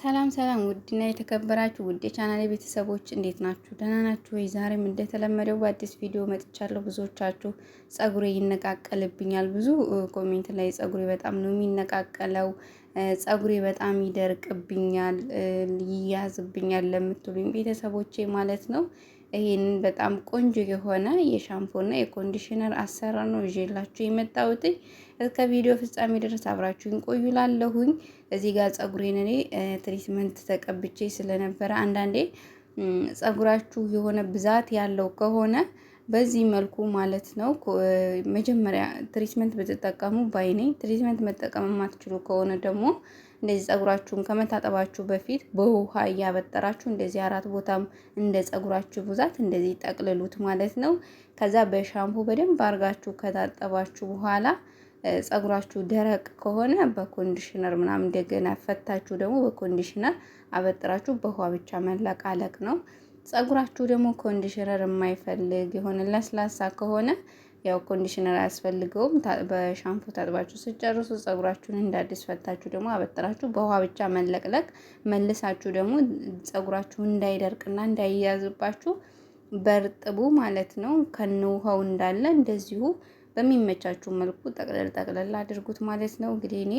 ሰላም ሰላም ውድና የተከበራችሁ ውድ የቻናል ቤተሰቦች እንዴት ናችሁ? ደህና ናችሁ ወይ? ዛሬም እንደተለመደው በአዲስ ቪዲዮ መጥቻለሁ። ብዙዎቻችሁ ጸጉሬ ይነቃቀልብኛል፣ ብዙ ኮሜንት ላይ ጸጉሬ በጣም ነው የሚነቃቀለው፣ ጸጉሬ በጣም ይደርቅብኛል፣ ይያዝብኛል ለምትሉኝ ቤተሰቦቼ ማለት ነው ይህንን በጣም ቆንጆ የሆነ የሻምፖና የኮንዲሽነር አሰራር ነው ይዤላችሁ የመጣሁት። እስከ ቪዲዮ ፍጻሜ ድረስ አብራችሁኝ ቆዩ ላለሁኝ። እዚህ ጋር ጸጉሬን እኔ ትሪትመንት ተቀብቼ ስለነበረ አንዳንዴ ጸጉራችሁ የሆነ ብዛት ያለው ከሆነ በዚህ መልኩ ማለት ነው። መጀመሪያ ትሪትመንት ብትጠቀሙ ባይኔ ትሪትመንት መጠቀም የማትችሉ ከሆነ ደግሞ እንደዚህ ጸጉራችሁን ከመታጠባችሁ በፊት በውሃ እያበጠራችሁ እንደዚህ አራት ቦታም እንደ ጸጉራችሁ ብዛት እንደዚህ ጠቅልሉት ማለት ነው። ከዛ በሻምፑ በደንብ አርጋችሁ ከታጠባችሁ በኋላ ጸጉራችሁ ደረቅ ከሆነ በኮንዲሽነር ምናምን እንደገና ፈታችሁ ደግሞ በኮንዲሽነር አበጥራችሁ በውሃ ብቻ መለቃለቅ ነው። ጸጉራችሁ ደግሞ ኮንዲሽነር የማይፈልግ የሆነ ለስላሳ ከሆነ ያው ኮንዲሽነር አያስፈልገውም። በሻምፑ ታጥባችሁ ስጨርሱ ጸጉራችሁን እንደ አዲስ ፈታችሁ ደግሞ አበጥራችሁ በውሃ ብቻ መለቅለቅ፣ መልሳችሁ ደግሞ ጸጉራችሁ እንዳይደርቅና እንዳይያዝባችሁ በርጥቡ ማለት ነው ከነ ውሃው እንዳለ እንደዚሁ በሚመቻችሁ መልኩ ጠቅለል ጠቅለል አድርጉት ማለት ነው። እንግዲህ እኔ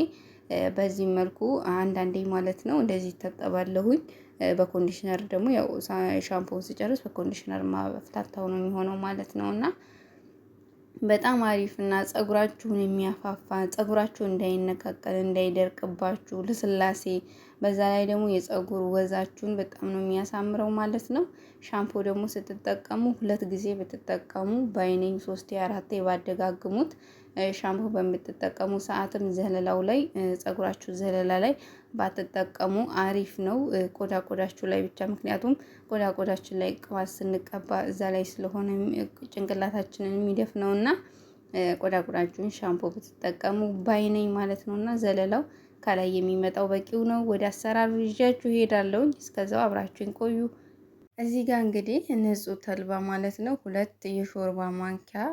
በዚህ መልኩ አንዳንዴ ማለት ነው እንደዚህ ይታጠባለሁኝ። በኮንዲሽነር ደግሞ ያው ሻምፖን ስጨርስ በኮንዲሽነር ማፍታታው ነው የሚሆነው ማለት ነው እና በጣም አሪፍ እና ጸጉራችሁን የሚያፋፋ ጸጉራችሁ እንዳይነቃቀል እንዳይደርቅባችሁ ልስላሴ፣ በዛ ላይ ደግሞ የፀጉር ወዛችሁን በጣም ነው የሚያሳምረው ማለት ነው። ሻምፖ ደግሞ ስትጠቀሙ ሁለት ጊዜ ብትጠቀሙ በአይነኝ ሶስቴ አራቴ ባደጋግሙት ሻምፑ በምትጠቀሙ ሰዓትም ዘለላው ላይ ጸጉራችሁ ዘለላ ላይ ባትጠቀሙ አሪፍ ነው፣ ቆዳ ቆዳችሁ ላይ ብቻ። ምክንያቱም ቆዳ ቆዳችን ላይ ቅባት ስንቀባ እዛ ላይ ስለሆነ ጭንቅላታችንን ነው እና ቆዳ ቆዳችሁን ሻምፖ ብትጠቀሙ ባይነኝ ማለት ነው። እና ዘለላው ከላይ የሚመጣው በቂው ነው። ወደ አሰራሩ ይዣችሁ ሄዳለሁኝ። እስከዛው አብራችሁን ቆዩ። እዚህ ጋር እንግዲህ ንጹህ ተልባ ማለት ነው ሁለት የሾርባ ማንኪያ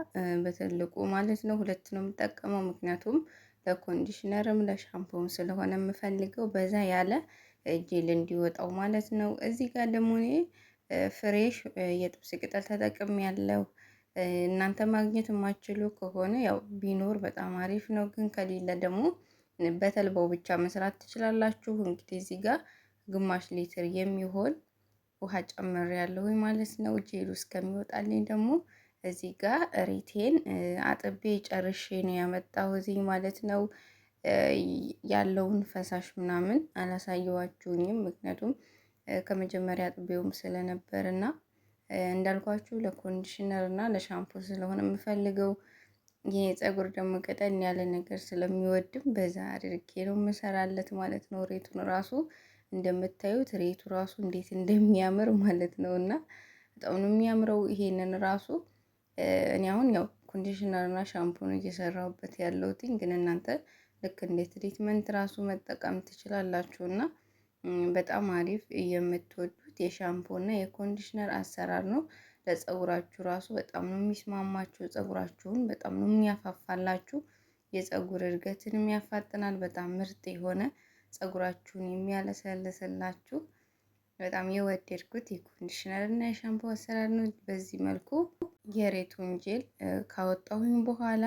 በትልቁ ማለት ነው ሁለት ነው የምጠቀመው። ምክንያቱም ለኮንዲሽነርም ለሻምፖም ስለሆነ የምፈልገው በዛ ያለ ጄል እንዲወጣው ማለት ነው። እዚህ ጋር ደግሞ እኔ ፍሬሽ የጥብስ ቅጠል ተጠቅም ያለው እናንተ ማግኘት የማትችሉ ከሆነ ያው ቢኖር በጣም አሪፍ ነው፣ ግን ከሌለ ደግሞ በተልባው ብቻ መስራት ትችላላችሁ። እንግዲህ እዚህ ጋር ግማሽ ሊትር የሚሆን ውሃ ጨምር ያለሁ ማለት ነው። ጄሉ እስከሚወጣልኝ ደግሞ እዚህ ጋር ሬቴን አጥቤ ጨርሼ ነው ያመጣሁ እዚህ ማለት ነው። ያለውን ፈሳሽ ምናምን አላሳየዋችሁኝም፣ ምክንያቱም ከመጀመሪያ አጥቤውም ስለነበር እና እንዳልኳችሁ ለኮንዲሽነር እና ለሻምፖ ስለሆነ የምፈልገው ይህ የፀጉር ደግሞ ቀጠን ያለ ነገር ስለሚወድም በዛ አድርጌ ነው የምሰራለት ማለት ነው። ሬቱን ራሱ እንደምታዩት ሬቱ ራሱ እንዴት እንደሚያምር ማለት ነው። እና በጣም ነው የሚያምረው። ይሄንን ራሱ እኔ አሁን ያው ኮንዲሽነርና ሻምፖን እየሰራሁበት ያለሁትኝ፣ ግን እናንተ ልክ እንደ ትሪትመንት ራሱ መጠቀም ትችላላችሁ። እና በጣም አሪፍ የምትወዱት የሻምፖና የኮንዲሽነር አሰራር ነው። ለፀጉራችሁ ራሱ በጣም ነው የሚስማማችሁ። ፀጉራችሁን በጣም ነው የሚያፋፋላችሁ። የፀጉር እድገትን ያፋጥናል። በጣም ምርጥ የሆነ ፀጉራችሁን የሚያለሰልስላችሁ በጣም የወደድኩት የኮንዲሽነር እና የሻምፖ አሰራር ነው። በዚህ መልኩ የሬቱን ጄል ካወጣሁኝ በኋላ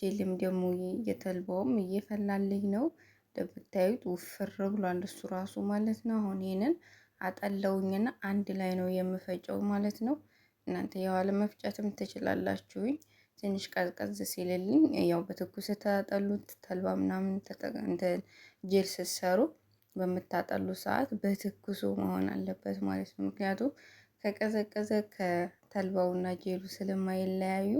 ጄልም ደግሞ የተልባውም እየፈላልኝ ነው። እንደምታዩት ውፍር ብሏል እሱ ራሱ ማለት ነው። አሁን ይህንን አጠለውኝና አንድ ላይ ነው የምፈጨው ማለት ነው። እናንተ የኋላ መፍጨትም ትችላላችሁኝ። ትንሽ ቀዝቀዝ ሲልልኝ ያው በትኩስ የተጠሉት ተልባ ምናምን እንትን ጄል ስትሰሩ በምታጠሉ ሰዓት በትኩሱ መሆን አለበት ማለት ነው። ምክንያቱም ከቀዘቀዘ ከተልባውና ጄሉ ስለማይለያዩ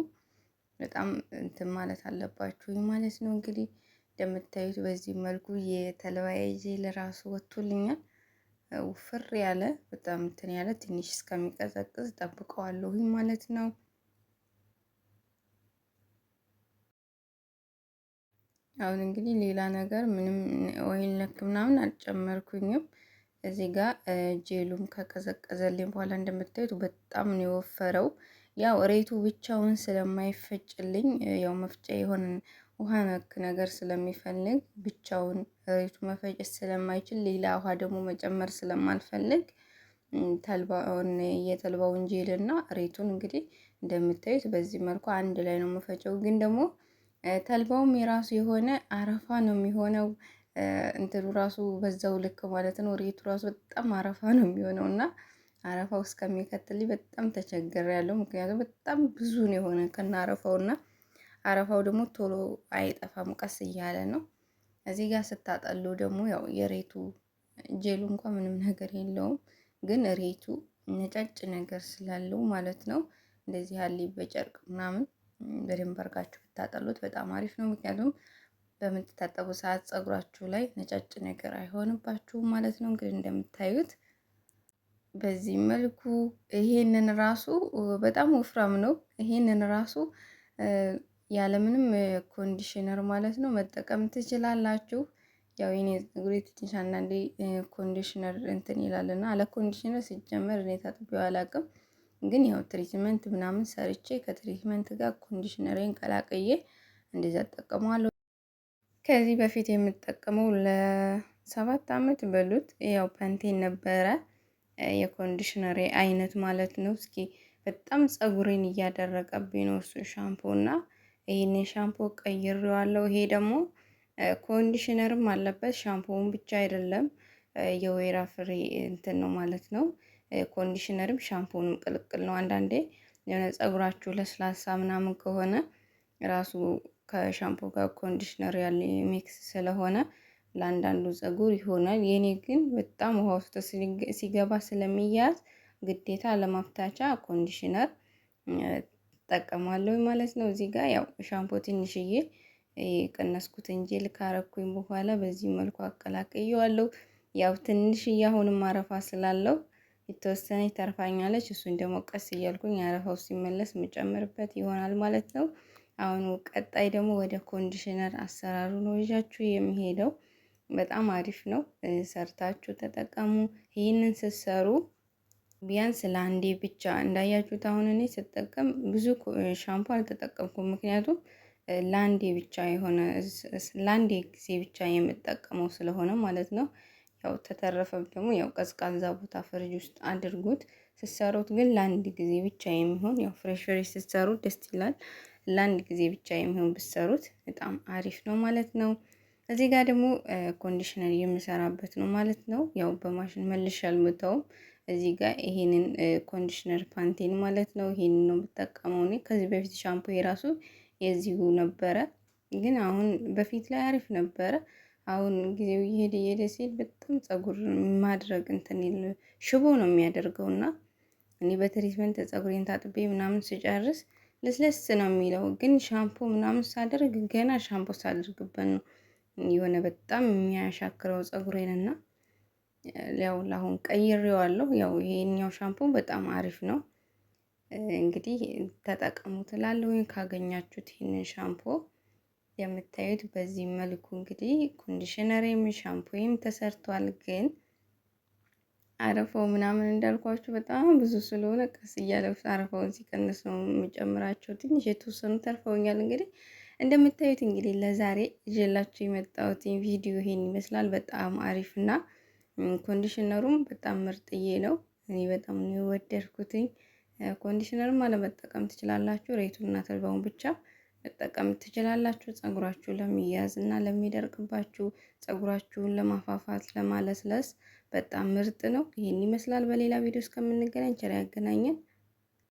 በጣም እንትን ማለት አለባችሁ ማለት ነው። እንግዲህ እንደምታዩት በዚህ መልኩ የተልባዬ ጄል ራሱ ወጥቶልኛል። ውፍር ያለ በጣም እንትን ያለ ትንሽ እስከሚቀዘቅዝ ጠብቀዋለሁኝ ማለት ነው። አሁን እንግዲህ ሌላ ነገር ምንም ወይን ነክ ምናምን አልጨመርኩኝም። እዚህ ጋር ጄሉም ከቀዘቀዘልኝ በኋላ እንደምታዩት በጣም ነው የወፈረው። ያው ሬቱ ብቻውን ስለማይፈጭልኝ ያው መፍጫ የሆነ ውሃ ነክ ነገር ስለሚፈልግ ብቻውን ሬቱ መፈጨት ስለማይችል ሌላ ውሃ ደግሞ መጨመር ስለማልፈልግ ተልባውን የተልባውን ጄልና ሬቱን እንግዲህ እንደምታዩት በዚህ መልኩ አንድ ላይ ነው መፈጨው ግን ደግሞ ተልባውም የራሱ የሆነ አረፋ ነው የሚሆነው። እንትኑ ራሱ በዛው ልክ ማለት ነው። ሬቱ ራሱ በጣም አረፋ ነው የሚሆነው እና አረፋው እስከሚከትልኝ በጣም ተቸገር ያለው ምክንያቱም በጣም ብዙ ነው የሆነ ከናረፋው አረፋው እና አረፋው ደግሞ ቶሎ አይጠፋም፣ ቀስ እያለ ነው። እዚህ ጋር ስታጠሉ ደግሞ ያው የሬቱ ጄሉ እንኳ ምንም ነገር የለውም፣ ግን ሬቱ ነጫጭ ነገር ስላለው ማለት ነው እንደዚህ ያለ በጨርቅ ምናምን በደንብ አድርጋችሁ ብታጠሉት በጣም አሪፍ ነው። ምክንያቱም በምትታጠቡ ሰዓት ጸጉራችሁ ላይ ነጫጭ ነገር አይሆንባችሁም ማለት ነው። እንግዲህ እንደምታዩት በዚህ መልኩ ይሄንን ራሱ በጣም ወፍራም ነው። ይሄንን ራሱ ያለምንም ኮንዲሽነር ማለት ነው መጠቀም ትችላላችሁ። ያው የኔ ፀጉሬ ትንሽ አንዳንዴ ኮንዲሽነር እንትን ይላልና አለ ኮንዲሽነር ሲጀመር እኔ ታጥቤው አላቅም። ግን ያው ትሪትመንት ምናምን ሰርቼ ከትሪትመንት ጋር ኮንዲሽነሬን ቀላቅዬ እንደዛ እጠቀመዋለሁ። ከዚህ በፊት የምጠቀመው ለሰባት አመት በሉት ያው ፓንቴን ነበረ የኮንዲሽነሬ አይነት ማለት ነው። እስኪ በጣም ጸጉሬን እያደረቀብኝ ነው እሱ ሻምፖ እና ይህንን ሻምፖ ቀይሬዋለሁ። ይሄ ደግሞ ኮንዲሽነርም አለበት ሻምፖውን ብቻ አይደለም። የወይራ ፍሬ እንትን ነው ማለት ነው። ኮንዲሽነርም ሻምፖንም ቅልቅል ነው። አንዳንዴ የሆነ ጸጉራችሁ ለስላሳ ምናምን ከሆነ ራሱ ከሻምፖ ጋር ኮንዲሽነር ያለ ሚክስ ስለሆነ ለአንዳንዱ ጸጉር ይሆናል። የኔ ግን በጣም ውሃ ውስጥ ሲገባ ስለሚያዝ ግዴታ ለማፍታቻ ኮንዲሽነር ጠቀማለሁ ማለት ነው። እዚህ ጋር ያው ሻምፖ ትንሽዬ ቀነስኩት እንጂ ልካረኩኝ በኋላ በዚህ መልኩ አቀላቅየዋለሁ። ያው ትንሽ አሁንም አረፋ ስላለው የተወሰነ ተርፋኛለች። እሱን ደግሞ ቀስ እያልኩኝ አረፋው ሲመለስ የምጨምርበት ይሆናል ማለት ነው። አሁን ቀጣይ ደግሞ ወደ ኮንዲሽነር አሰራሩ ነው ይዣችሁ የሚሄደው። በጣም አሪፍ ነው፣ ሰርታችሁ ተጠቀሙ። ይህንን ስትሰሩ ቢያንስ ለአንዴ ብቻ እንዳያችሁት፣ አሁን እኔ ስጠቀም ብዙ ሻምፖ አልተጠቀምኩም። ምክንያቱም ለአንዴ ብቻ የሆነ ለአንዴ ጊዜ ብቻ የምጠቀመው ስለሆነ ማለት ነው። ያው ተተረፈም ደግሞ ያው ቀዝቃዛ ቦታ ፍሪጅ ውስጥ አድርጉት። ስትሰሩት ግን ለአንድ ጊዜ ብቻ የሚሆን ያው ፍሬሽ ፍሬሽ ስትሰሩት ደስ ይላል። ለአንድ ጊዜ ብቻ የሚሆን ብትሰሩት በጣም አሪፍ ነው ማለት ነው። እዚህ ጋር ደግሞ ኮንዲሽነር የምሰራበት ነው ማለት ነው። ያው በማሽን መልሽ አልመታውም። እዚህ ጋር ይሄንን ኮንዲሽነር ፓንቴን ማለት ነው። ይሄንን ነው የምጠቀመው እኔ። ከዚህ በፊት ሻምፖ የራሱ የዚሁ ነበረ፣ ግን አሁን በፊት ላይ አሪፍ ነበረ አሁን ጊዜው እየሄደ እየሄደ ሲል በጣም ጸጉር ማድረግ እንትን ሽቦ ነው የሚያደርገው እና እኔ በትሪትመንት ጸጉሬን ታጥቤ ምናምን ስጨርስ ለስለስ ነው የሚለው። ግን ሻምፖ ምናምን ሳደርግ ገና ሻምፖ ሳደርግበት ነው የሆነ በጣም የሚያሻክረው ጸጉሬን እና ያው ለአሁን ቀይሬዋለሁ። ያው ይሄኛው ሻምፖ በጣም አሪፍ ነው። እንግዲህ ተጠቀሙት እላለሁ ካገኛችሁት ይህንን ሻምፖ የምታዩት በዚህ መልኩ እንግዲህ ኮንዲሽነርም ሻምፖይም ተሰርቷል። ግን አረፋው ምናምን እንዳልኳችሁ በጣም ብዙ ስለሆነ ቀስ እያለ አረፋውን ሲቀንስ ነው የምጨምራቸው። ትንሽ የተወሰኑ ተርፈውኛል። እንግዲህ እንደምታዩት እንግዲህ ለዛሬ ይዤላችሁ የመጣሁት ቪዲዮ ይሄን ይመስላል። በጣም አሪፍ እና ኮንዲሽነሩም በጣም ምርጥዬ ነው። እኔ በጣም ነው የወደድኩትኝ። ኮንዲሽነርም አለመጠቀም ትችላላችሁ። ሬቱን እና ተልባውን ብቻ መጠቀም ትችላላችሁ። ፀጉራችሁ ለሚያዝ እና ለሚደርቅባችሁ፣ ፀጉራችሁን ለማፋፋት ለማለስለስ በጣም ምርጥ ነው። ይህን ይመስላል። በሌላ ቪዲዮ እስከምንገናኝ ቸር ያገናኘን።